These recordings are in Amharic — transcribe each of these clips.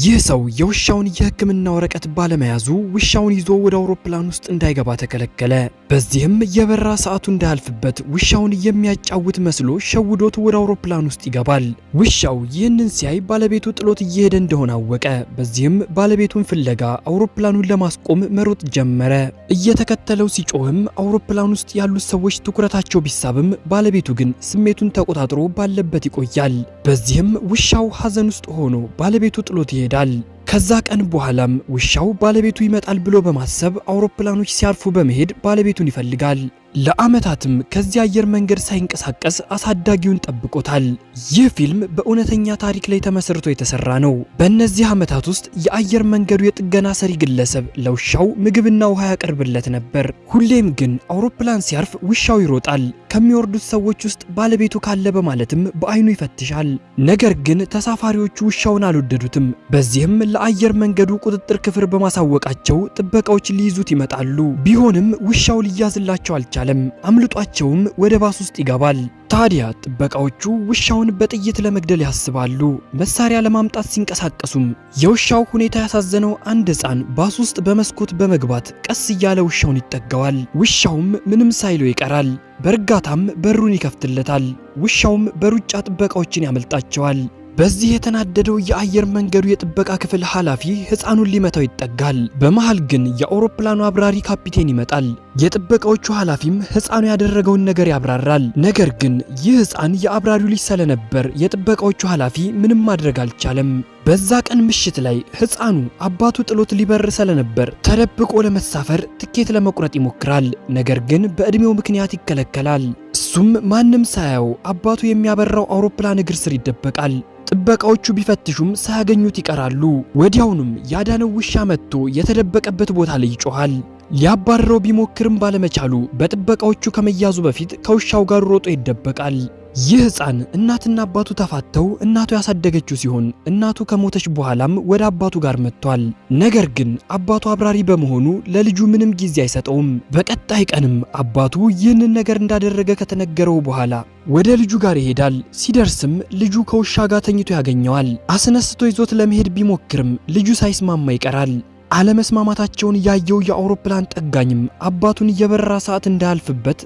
ይህ ሰው የውሻውን የሕክምና ወረቀት ባለመያዙ ውሻውን ይዞ ወደ አውሮፕላን ውስጥ እንዳይገባ ተከለከለ። በዚህም የበራ ሰዓቱ እንዳያልፍበት ውሻውን የሚያጫውት መስሎ ሸውዶት ወደ አውሮፕላን ውስጥ ይገባል። ውሻው ይህንን ሲያይ ባለቤቱ ጥሎት እየሄደ እንደሆነ አወቀ። በዚህም ባለቤቱን ፍለጋ አውሮፕላኑን ለማስቆም መሮጥ ጀመረ። እየተከተለው ሲጮህም አውሮፕላን ውስጥ ያሉት ሰዎች ትኩረታቸው ቢሳብም ባለቤቱ ግን ስሜቱን ተቆጣጥሮ ባለበት ይቆያል። በዚህም ውሻው ሐዘን ውስጥ ሆኖ ባለቤቱ ጥሎት ይሄዳል። ከዛ ቀን በኋላም ውሻው ባለቤቱ ይመጣል ብሎ በማሰብ አውሮፕላኖች ሲያርፉ በመሄድ ባለቤቱን ይፈልጋል። ለዓመታትም ከዚህ አየር መንገድ ሳይንቀሳቀስ አሳዳጊውን ጠብቆታል። ይህ ፊልም በእውነተኛ ታሪክ ላይ ተመስርቶ የተሰራ ነው። በእነዚህ ዓመታት ውስጥ የአየር መንገዱ የጥገና ሰሪ ግለሰብ ለውሻው ምግብና ውሃ ያቀርብለት ነበር። ሁሌም ግን አውሮፕላን ሲያርፍ ውሻው ይሮጣል። ከሚወርዱት ሰዎች ውስጥ ባለቤቱ ካለ በማለትም በአይኑ ይፈትሻል። ነገር ግን ተሳፋሪዎቹ ውሻውን አልወደዱትም። በዚህም ለአየር መንገዱ ቁጥጥር ክፍል በማሳወቃቸው ጥበቃዎች ሊይዙት ይመጣሉ። ቢሆንም ውሻው ሊያዝላቸው አልቻል አልቻለም። አምልጧቸውም ወደ ባስ ውስጥ ይገባል። ታዲያ ጥበቃዎቹ ውሻውን በጥይት ለመግደል ያስባሉ። መሳሪያ ለማምጣት ሲንቀሳቀሱም የውሻው ሁኔታ ያሳዘነው አንድ ሕፃን ባስ ውስጥ በመስኮት በመግባት ቀስ እያለ ውሻውን ይጠገዋል። ውሻውም ምንም ሳይለው ይቀራል። በእርጋታም በሩን ይከፍትለታል። ውሻውም በሩጫ ጥበቃዎችን ያመልጣቸዋል። በዚህ የተናደደው የአየር መንገዱ የጥበቃ ክፍል ኃላፊ ህፃኑን ሊመታው ይጠጋል። በመሃል ግን የአውሮፕላኑ አብራሪ ካፒቴን ይመጣል። የጥበቃዎቹ ኃላፊም ህፃኑ ያደረገውን ነገር ያብራራል። ነገር ግን ይህ ህፃን የአብራሪው ልጅ ስለነበር የጥበቃዎቹ ኃላፊ ምንም ማድረግ አልቻለም። በዛ ቀን ምሽት ላይ ህፃኑ አባቱ ጥሎት ሊበር ስለነበር ተደብቆ ለመሳፈር ትኬት ለመቁረጥ ይሞክራል። ነገር ግን በዕድሜው ምክንያት ይከለከላል። እሱም ማንም ሳያው አባቱ የሚያበራው አውሮፕላን እግር ስር ይደበቃል። ጥበቃዎቹ ቢፈትሹም ሳያገኙት ይቀራሉ። ወዲያውኑም ያዳነው ውሻ መጥቶ የተደበቀበት ቦታ ላይ ይጮኋል። ሊያባረረው ቢሞክርም ባለመቻሉ በጥበቃዎቹ ከመያዙ በፊት ከውሻው ጋር ሮጦ ይደበቃል። ይህ ህፃን እናትና አባቱ ተፋተው እናቱ ያሳደገችው ሲሆን እናቱ ከሞተች በኋላም ወደ አባቱ ጋር መጥቷል። ነገር ግን አባቱ አብራሪ በመሆኑ ለልጁ ምንም ጊዜ አይሰጠውም። በቀጣይ ቀንም አባቱ ይህንን ነገር እንዳደረገ ከተነገረው በኋላ ወደ ልጁ ጋር ይሄዳል። ሲደርስም ልጁ ከውሻ ጋር ተኝቶ ያገኘዋል። አስነስቶ ይዞት ለመሄድ ቢሞክርም ልጁ ሳይስማማ ይቀራል። አለመስማማታቸውን ያየው የአውሮፕላን ጠጋኝም አባቱን የበረራ ሰዓት እንዳያልፍበት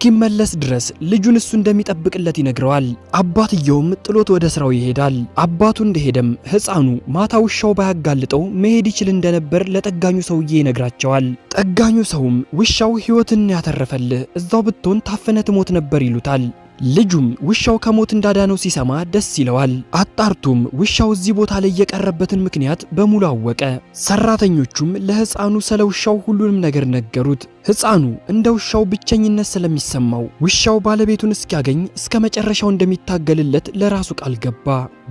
እስኪመለስ ድረስ ልጁን እሱ እንደሚጠብቅለት ይነግረዋል። አባትየውም ጥሎት ወደ ስራው ይሄዳል። አባቱ እንደሄደም ሕፃኑ ማታ ውሻው ባያጋልጠው መሄድ ይችል እንደነበር ለጠጋኙ ሰውዬ ይነግራቸዋል። ጠጋኙ ሰውም ውሻው ሕይወትን ያተረፈልህ እዛው ብትሆን ታፈነ ትሞት ነበር ይሉታል። ልጁም ውሻው ከሞት እንዳዳነው ሲሰማ ደስ ይለዋል። አጣርቱም ውሻው እዚህ ቦታ ላይ የቀረበትን ምክንያት በሙሉ አወቀ። ሰራተኞቹም ለሕፃኑ ስለ ውሻው ሁሉንም ነገር ነገሩት። ሕፃኑ እንደ ውሻው ብቸኝነት ስለሚሰማው ውሻው ባለቤቱን እስኪያገኝ እስከ መጨረሻው እንደሚታገልለት ለራሱ ቃል ገባ።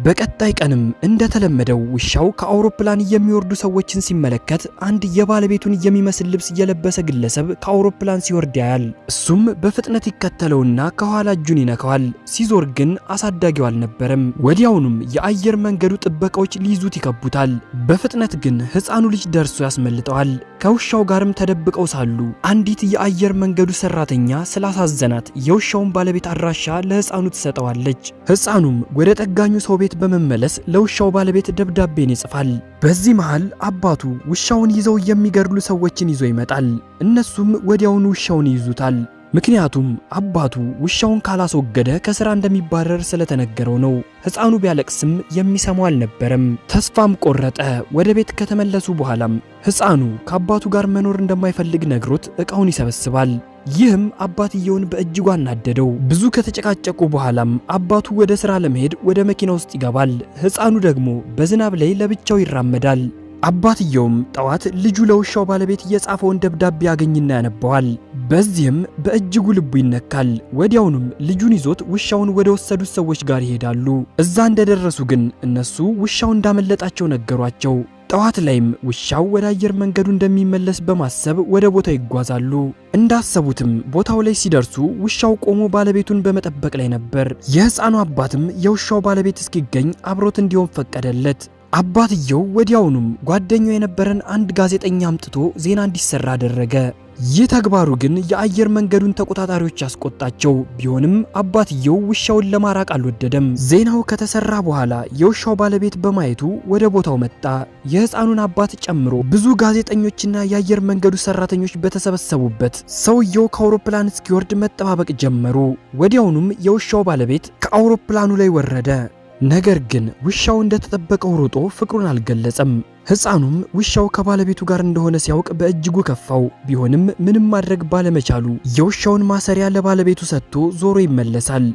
በቀጣይ ቀንም እንደተለመደው ውሻው ከአውሮፕላን የሚወርዱ ሰዎችን ሲመለከት አንድ የባለቤቱን የሚመስል ልብስ የለበሰ ግለሰብ ከአውሮፕላን ሲወርድ ያያል። እሱም በፍጥነት ይከተለውና ከኋላ እጁን ይነካዋል። ሲዞር ግን አሳዳጊው አልነበረም። ወዲያውኑም የአየር መንገዱ ጥበቃዎች ሊይዙት ይከቡታል። በፍጥነት ግን ሕፃኑ ልጅ ደርሶ ያስመልጠዋል። ከውሻው ጋርም ተደብቀው ሳሉ አንዲት የአየር መንገዱ ሰራተኛ ስላሳዘናት የውሻውን ባለቤት አድራሻ ለህፃኑ ትሰጠዋለች። ህፃኑም ወደ ጠጋኙ ሰው ቤት በመመለስ ለውሻው ባለቤት ደብዳቤን ይጽፋል። በዚህ መሃል አባቱ ውሻውን ይዘው የሚገድሉ ሰዎችን ይዞ ይመጣል። እነሱም ወዲያውኑ ውሻውን ይይዙታል። ምክንያቱም አባቱ ውሻውን ካላስወገደ ከስራ እንደሚባረር ስለተነገረው ነው። ሕፃኑ ቢያለቅስም የሚሰማው አልነበረም። ተስፋም ቆረጠ። ወደ ቤት ከተመለሱ በኋላም ሕፃኑ ከአባቱ ጋር መኖር እንደማይፈልግ ነግሮት ዕቃውን ይሰበስባል። ይህም አባትየውን በእጅጉ አናደደው። ብዙ ከተጨቃጨቁ በኋላም አባቱ ወደ ስራ ለመሄድ ወደ መኪና ውስጥ ይገባል። ሕፃኑ ደግሞ በዝናብ ላይ ለብቻው ይራመዳል። አባትየውም ጠዋት ልጁ ለውሻው ባለቤት የጻፈውን ደብዳቤ ያገኝና ያነበዋል። በዚህም በእጅጉ ልቡ ይነካል። ወዲያውኑም ልጁን ይዞት ውሻውን ወደ ወሰዱት ሰዎች ጋር ይሄዳሉ። እዛ እንደደረሱ ግን እነሱ ውሻው እንዳመለጣቸው ነገሯቸው። ጠዋት ላይም ውሻው ወደ አየር መንገዱ እንደሚመለስ በማሰብ ወደ ቦታው ይጓዛሉ። እንዳሰቡትም ቦታው ላይ ሲደርሱ ውሻው ቆሞ ባለቤቱን በመጠበቅ ላይ ነበር። የሕፃኑ አባትም የውሻው ባለቤት እስኪገኝ አብሮት እንዲሆን ፈቀደለት። አባትየው ወዲያውኑም ጓደኛው የነበረን አንድ ጋዜጠኛ አምጥቶ ዜና እንዲሰራ አደረገ። ይህ ተግባሩ ግን የአየር መንገዱን ተቆጣጣሪዎች ያስቆጣቸው ቢሆንም አባትየው ውሻውን ለማራቅ አልወደደም። ዜናው ከተሰራ በኋላ የውሻው ባለቤት በማየቱ ወደ ቦታው መጣ። የሕፃኑን አባት ጨምሮ ብዙ ጋዜጠኞችና የአየር መንገዱ ሰራተኞች በተሰበሰቡበት ሰውየው ከአውሮፕላን እስኪወርድ መጠባበቅ ጀመሩ። ወዲያውኑም የውሻው ባለቤት ከአውሮፕላኑ ላይ ወረደ። ነገር ግን ውሻው እንደተጠበቀው ሮጦ ፍቅሩን አልገለጸም። ሕፃኑም ውሻው ከባለቤቱ ጋር እንደሆነ ሲያውቅ በእጅጉ ከፋው። ቢሆንም ምንም ማድረግ ባለመቻሉ የውሻውን ማሰሪያ ለባለቤቱ ሰጥቶ ዞሮ ይመለሳል።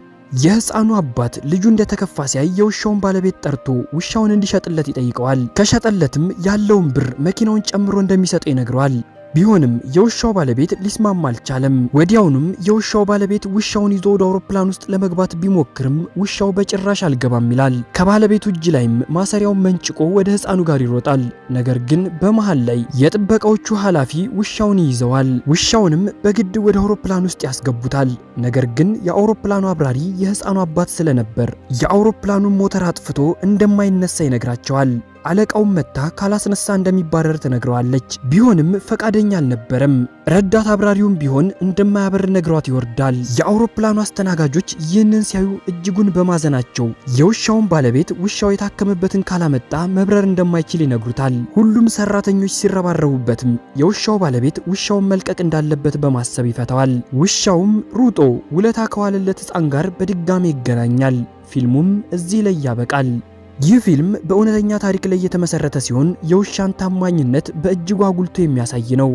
የሕፃኑ አባት ልጁ እንደተከፋ ሲያይ የውሻውን ባለቤት ጠርቶ ውሻውን እንዲሸጥለት ይጠይቀዋል። ከሸጠለትም ያለውን ብር መኪናውን ጨምሮ እንደሚሰጠው ይነግረዋል። ቢሆንም የውሻው ባለቤት ሊስማማ አልቻለም። ወዲያውኑም የውሻው ባለቤት ውሻውን ይዞ ወደ አውሮፕላን ውስጥ ለመግባት ቢሞክርም ውሻው በጭራሽ አልገባም ይላል። ከባለቤቱ እጅ ላይም ማሰሪያውን መንጭቆ ወደ ህፃኑ ጋር ይሮጣል። ነገር ግን በመሃል ላይ የጥበቃዎቹ ኃላፊ ውሻውን ይይዘዋል። ውሻውንም በግድ ወደ አውሮፕላን ውስጥ ያስገቡታል። ነገር ግን የአውሮፕላኑ አብራሪ የህፃኑ አባት ስለነበር የአውሮፕላኑን ሞተር አጥፍቶ እንደማይነሳ ይነግራቸዋል። አለቃውም መታ ካላስነሳ እንደሚባረር ትነግረዋለች። ቢሆንም ፈቃደኛ አልነበረም። ረዳት አብራሪውም ቢሆን እንደማያበር ነግሯት ይወርዳል። የአውሮፕላኑ አስተናጋጆች ይህንን ሲያዩ እጅጉን በማዘናቸው የውሻውን ባለቤት ውሻው የታከመበትን ካላመጣ መብረር እንደማይችል ይነግሩታል። ሁሉም ሰራተኞች ሲረባረቡበትም የውሻው ባለቤት ውሻውን መልቀቅ እንዳለበት በማሰብ ይፈተዋል። ውሻውም ሩጦ ውለታ ከዋለለት ሕፃን ጋር በድጋሚ ይገናኛል። ፊልሙም እዚህ ላይ ያበቃል። ይህ ፊልም በእውነተኛ ታሪክ ላይ የተመሰረተ ሲሆን የውሻን ታማኝነት በእጅጉ አጉልቶ የሚያሳይ ነው።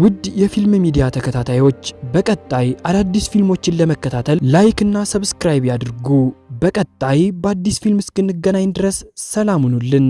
ውድ የፊልም ሚዲያ ተከታታዮች በቀጣይ አዳዲስ ፊልሞችን ለመከታተል ላይክ እና ሰብስክራይብ ያድርጉ። በቀጣይ በአዲስ ፊልም እስክንገናኝ ድረስ ሰላም ሁኑልን።